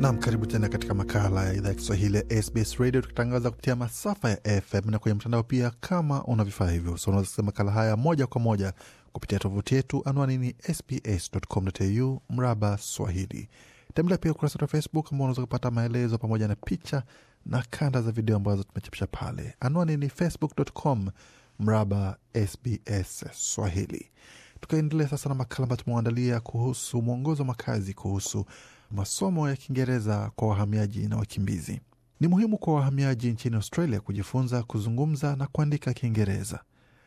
Nam, karibu tena katika makala ya idhaa ya Kiswahili ya SBS Radio, tukitangaza kupitia masafa ya FM na kwenye mtandao pia. Kama una vifaa hivyo, so unaweza kusikia makala haya moja kwa moja kupitia tovuti yetu, anwani ni sbs.com.au mraba Swahili. Tembelea pia ukurasa wa Facebook ambao unaweza kupata maelezo pamoja na picha na kanda za video ambazo tumechapisha pale. Anwani ni facebook.com mraba SBS Swahili. Tukaendelea sasa na makala ambayo tumeandalia kuhusu mwongozo wa makazi kuhusu masomo ya Kiingereza kwa wahamiaji na wakimbizi. Ni muhimu kwa wahamiaji nchini Australia kujifunza kuzungumza na kuandika Kiingereza.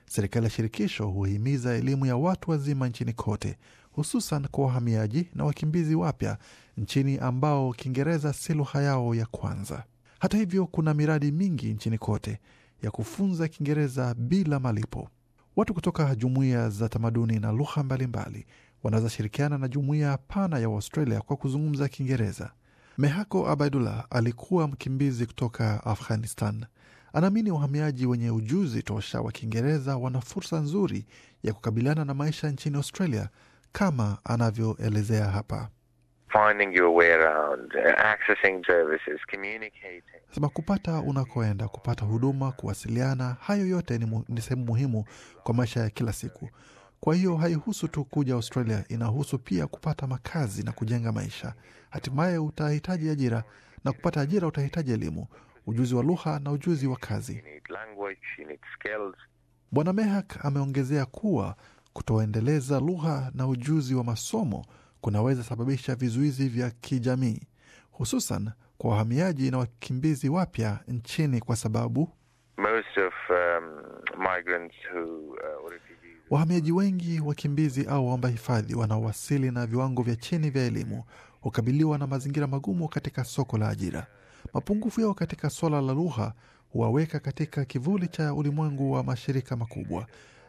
Serikali ya shirikisho huhimiza elimu ya watu wazima nchini kote, hususan kwa wahamiaji na wakimbizi wapya nchini ambao Kiingereza si lugha yao ya kwanza. Hata hivyo, kuna miradi mingi nchini kote ya kufunza Kiingereza bila malipo. Watu kutoka jumuiya za tamaduni na lugha mbalimbali wanaweza shirikiana na jumuiya pana ya Australia kwa kuzungumza Kiingereza. Mehako Abaidullah alikuwa mkimbizi kutoka Afghanistan. Anaamini wahamiaji wenye ujuzi tosha wa Kiingereza wana fursa nzuri ya kukabiliana na maisha nchini Australia kama anavyoelezea hapa. Uh, Sema kupata unakoenda, kupata huduma, kuwasiliana, hayo yote ni, mu, ni sehemu muhimu kwa maisha ya kila siku. Kwa hiyo haihusu tu kuja Australia, inahusu pia kupata makazi na kujenga maisha. Hatimaye utahitaji ajira, na kupata ajira utahitaji elimu, ujuzi wa lugha na ujuzi wa kazi. Bwana Mehak ameongezea kuwa kutoendeleza lugha na ujuzi wa masomo kunaweza sababisha vizuizi vya kijamii, hususan kwa wahamiaji na wakimbizi wapya nchini kwa sababu Most of, um, migrants who, uh, Wahamiaji wengi, wakimbizi au waomba hifadhi wanaowasili na viwango vya chini vya elimu hukabiliwa na mazingira magumu katika soko la ajira. Mapungufu yao katika swala la lugha huwaweka katika kivuli cha ulimwengu wa mashirika makubwa,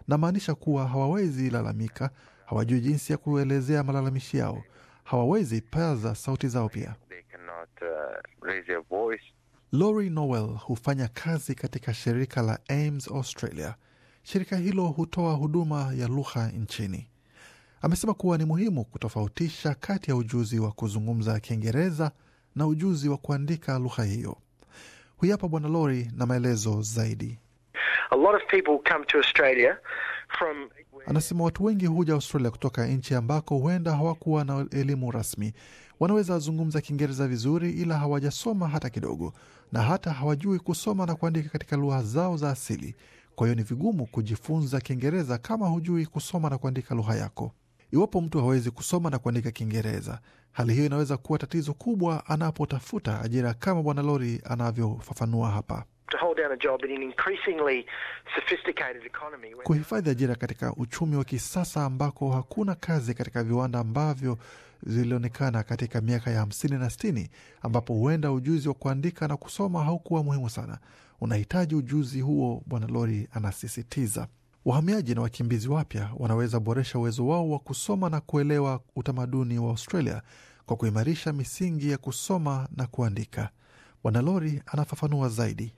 namaanisha kuwa hawawezi lalamika, hawajui jinsi ya kuelezea malalamishi yao, hawawezi paza sauti zao. Pia uh, Lori Noel hufanya kazi katika shirika la AIMS Australia shirika hilo hutoa huduma ya lugha nchini. Amesema kuwa ni muhimu kutofautisha kati ya ujuzi wa kuzungumza Kiingereza na ujuzi wa kuandika lugha hiyo. Huyu hapa Bwana Lori na maelezo zaidi. A lot of people come to Australia from... Anasema watu wengi huja Australia kutoka nchi ambako huenda hawakuwa na elimu rasmi. Wanaweza zungumza Kiingereza vizuri, ila hawajasoma hata kidogo, na hata hawajui kusoma na kuandika katika lugha zao za asili. Kwa hiyo ni vigumu kujifunza Kiingereza kama hujui kusoma na kuandika lugha yako. Iwapo mtu hawezi kusoma na kuandika Kiingereza, hali hiyo inaweza kuwa tatizo kubwa anapotafuta ajira, kama Bwana Lori anavyofafanua hapa. Kuhifadhi ajira katika uchumi wa kisasa ambako hakuna kazi katika viwanda ambavyo zilionekana katika miaka ya hamsini na sitini ambapo huenda ujuzi wa kuandika na kusoma haukuwa muhimu sana unahitaji ujuzi huo, Bwana Lori anasisitiza. Wahamiaji na wakimbizi wapya wanaweza boresha uwezo wao wa kusoma na kuelewa utamaduni wa Australia kwa kuimarisha misingi ya kusoma na kuandika. Bwana Lori anafafanua zaidi.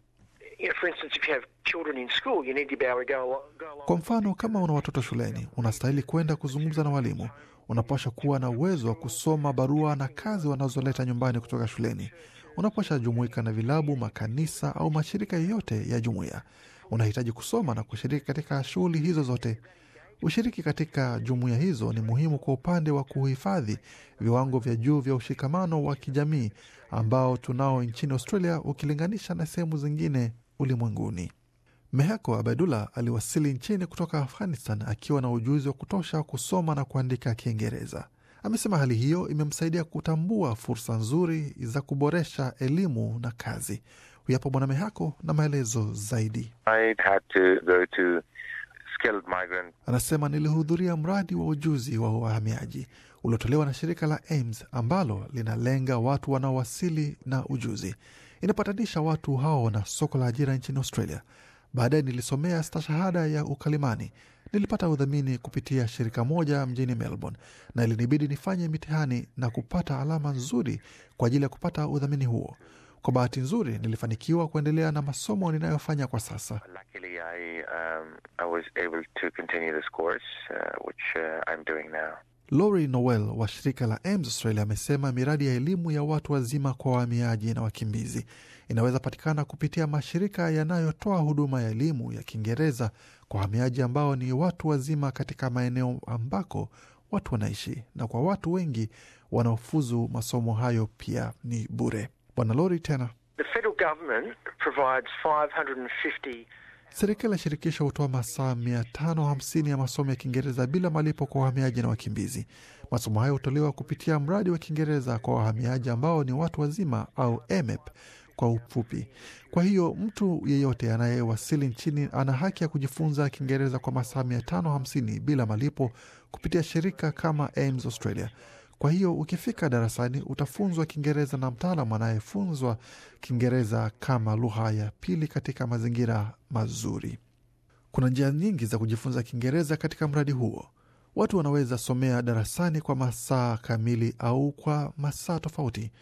Kwa mfano, kama una watoto shuleni, unastahili kwenda kuzungumza na walimu. unapasha kuwa na uwezo wa kusoma barua na kazi wanazoleta nyumbani kutoka shuleni unaposhajumuika na vilabu, makanisa au mashirika yoyote ya jumuiya. Unahitaji kusoma na kushiriki katika shughuli hizo zote. Ushiriki katika jumuiya hizo ni muhimu kwa upande wa kuhifadhi viwango vya juu vya ushikamano wa kijamii ambao tunao nchini Australia ukilinganisha na sehemu zingine ulimwenguni. mehako Abedula aliwasili nchini kutoka Afghanistan akiwa na ujuzi wa kutosha kusoma na kuandika Kiingereza. Amesema hali hiyo imemsaidia kutambua fursa nzuri za kuboresha elimu na kazi. Huyapo Bwana Mehako na maelezo zaidi. Anasema nilihudhuria mradi wa ujuzi wa wahamiaji uliotolewa na shirika la AIMS ambalo linalenga watu wanaowasili na ujuzi, inapatanisha watu hao na soko la ajira nchini Australia. Baadaye nilisomea stashahada ya ukalimani Nilipata udhamini kupitia shirika moja mjini Melbourne na ilinibidi nifanye mitihani na kupata alama nzuri kwa ajili ya kupata udhamini huo. Kwa bahati nzuri, nilifanikiwa kuendelea na masomo ninayofanya kwa sasa. Luckily, I, um, I Lori Noel wa shirika la AMS Australia amesema miradi ya elimu ya watu wazima kwa wahamiaji na wakimbizi inaweza patikana kupitia mashirika yanayotoa huduma ya elimu ya Kiingereza kwa wahamiaji ambao ni watu wazima katika maeneo ambako watu wanaishi, na kwa watu wengi wanaofuzu masomo hayo pia ni bure. Bwana Lori tena 550 Serikali ya shirikisho hutoa masaa 550 ya masomo ya Kiingereza bila malipo kwa wahamiaji na wakimbizi. Masomo hayo hutolewa kupitia mradi wa Kiingereza kwa wahamiaji ambao ni watu wazima au MEP kwa ufupi. Kwa hiyo mtu yeyote anayewasili nchini ana haki ya kujifunza Kiingereza kwa masaa 550 bila malipo kupitia shirika kama AIMS Australia. Kwa hiyo ukifika darasani utafunzwa Kiingereza na mtaalamu anayefunzwa Kiingereza kama lugha ya pili katika mazingira mazuri. Kuna njia nyingi za kujifunza Kiingereza katika mradi huo. Watu wanaweza somea darasani kwa masaa kamili au kwa masaa tofauti.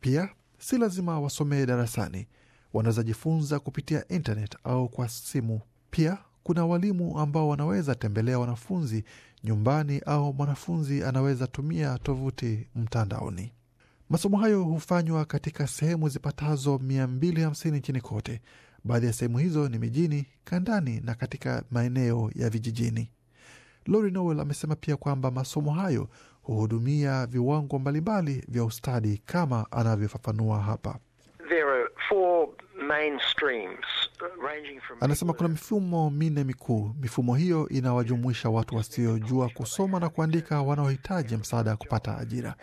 Pia si lazima wasomee darasani, wanaweza jifunza kupitia internet au kwa simu. Pia kuna walimu ambao wanaweza tembelea wanafunzi nyumbani au mwanafunzi anaweza tumia tovuti mtandaoni. Masomo hayo hufanywa katika sehemu zipatazo 250 nchini kote. Baadhi ya sehemu hizo ni mijini, kandani na katika maeneo ya vijijini. Lori Nowell amesema pia kwamba masomo hayo huhudumia viwango mbalimbali vya ustadi kama anavyofafanua hapa. There are four main streams Anasema kuna mifumo minne mikuu. Mifumo hiyo inawajumuisha watu wasiojua kusoma na kuandika wanaohitaji msaada ya kupata ajira.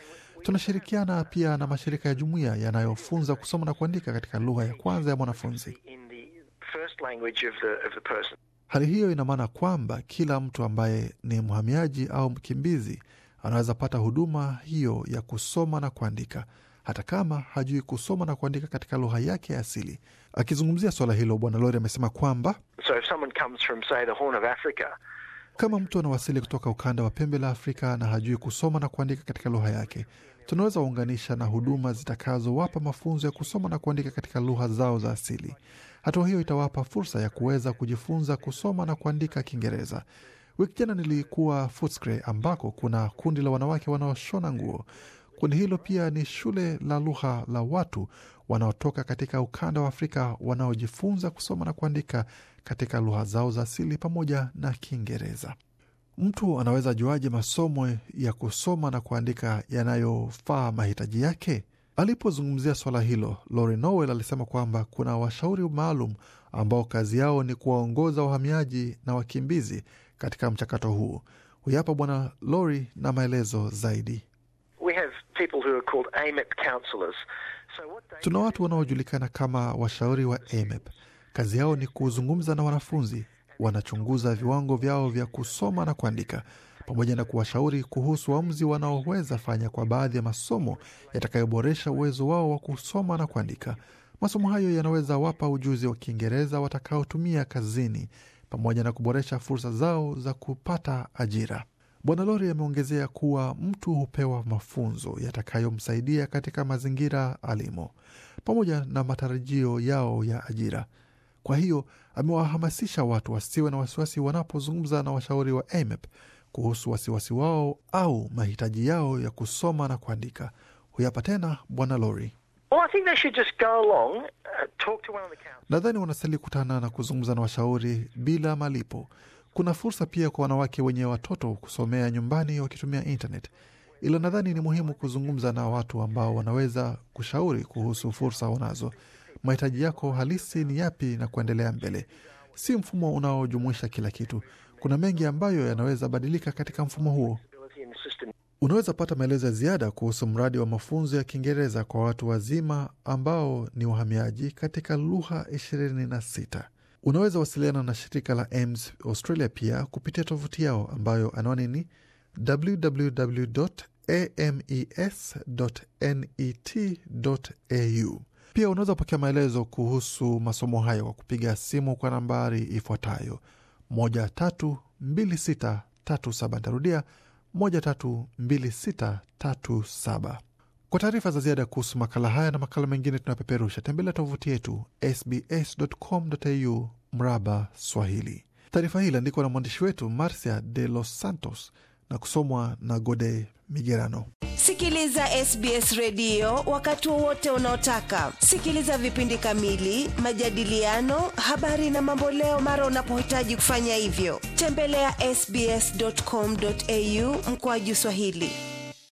Tunashirikiana pia na mashirika ya jumuiya yanayofunza kusoma na kuandika katika lugha ya kwanza ya mwanafunzi. Hali hiyo ina maana kwamba kila mtu ambaye ni mhamiaji au mkimbizi anaweza pata huduma hiyo ya kusoma na kuandika, hata kama hajui kusoma na kuandika katika lugha yake ya asili. Akizungumzia swala hilo, Bwana Lori amesema kwamba so if someone comes from say the Horn of Africa kama mtu anawasili kutoka ukanda wa pembe la Afrika na hajui kusoma na kuandika katika lugha yake, tunaweza waunganisha na huduma zitakazowapa mafunzo ya kusoma na kuandika katika lugha zao za asili. Hatua hiyo itawapa fursa ya kuweza kujifunza kusoma na kuandika Kiingereza. Wiki jana nilikuwa Footscray ambako kuna kundi la wanawake wanaoshona nguo. Kundi hilo pia ni shule la lugha la watu wanaotoka katika ukanda wa Afrika wanaojifunza kusoma na kuandika katika lugha zao za asili pamoja na Kiingereza. Mtu anaweza juaje masomo ya kusoma na kuandika yanayofaa mahitaji yake? Alipozungumzia swala hilo, Lori Nowel alisema kwamba kuna washauri maalum ambao kazi yao ni kuwaongoza wahamiaji na wakimbizi katika mchakato huu. Huyapa Bwana Lori na maelezo zaidi. E Tuna watu wanaojulikana kama washauri wa AMEP. Kazi yao ni kuzungumza na wanafunzi, wanachunguza viwango vyao vya kusoma na kuandika pamoja na kuwashauri kuhusu uamuzi wanaoweza fanya kwa baadhi ya masomo yatakayoboresha uwezo wao wa kusoma na kuandika. Masomo hayo yanaweza wapa ujuzi wa Kiingereza watakaotumia kazini pamoja na kuboresha fursa zao za kupata ajira. Bwana Lori ameongezea kuwa mtu hupewa mafunzo yatakayomsaidia katika mazingira alimo pamoja na matarajio yao ya ajira. Kwa hiyo amewahamasisha watu wasiwe na wasiwasi wanapozungumza na washauri wa AMEP kuhusu wasiwasi wao au mahitaji yao ya kusoma na kuandika. Huyapa tena Bwana Lori. Well, uh, nadhani wanastahili kutana na kuzungumza na washauri bila malipo kuna fursa pia kwa wanawake wenye watoto kusomea nyumbani wakitumia internet, ila nadhani ni muhimu kuzungumza na watu ambao wanaweza kushauri kuhusu fursa unazo, mahitaji yako halisi ni yapi, na kuendelea mbele. Si mfumo unaojumuisha kila kitu. Kuna mengi ambayo yanaweza badilika katika mfumo huo. Unaweza pata maelezo ya ziada kuhusu mradi wa mafunzo ya Kiingereza kwa watu wazima ambao ni wahamiaji katika lugha 26. Unaweza wasiliana na shirika la AIMS Australia pia kupitia tovuti yao ambayo anwani ni www.ames.net.au. Pia unaweza kupokea maelezo kuhusu masomo hayo kwa kupiga simu kwa nambari ifuatayo 132637. Tarudia 132637. Kwa taarifa za ziada kuhusu makala haya na makala mengine tunayopeperusha, tembelea tovuti yetu sbs.com.au mraba Swahili. Taarifa hii iliandikwa na mwandishi wetu Marcia de los Santos na kusomwa na Gode Migerano. Sikiliza SBS redio wakati wowote unaotaka. Sikiliza vipindi kamili, majadiliano, habari na mamboleo mara unapohitaji kufanya hivyo. Tembelea ya sbs.com.au mkoaji Swahili.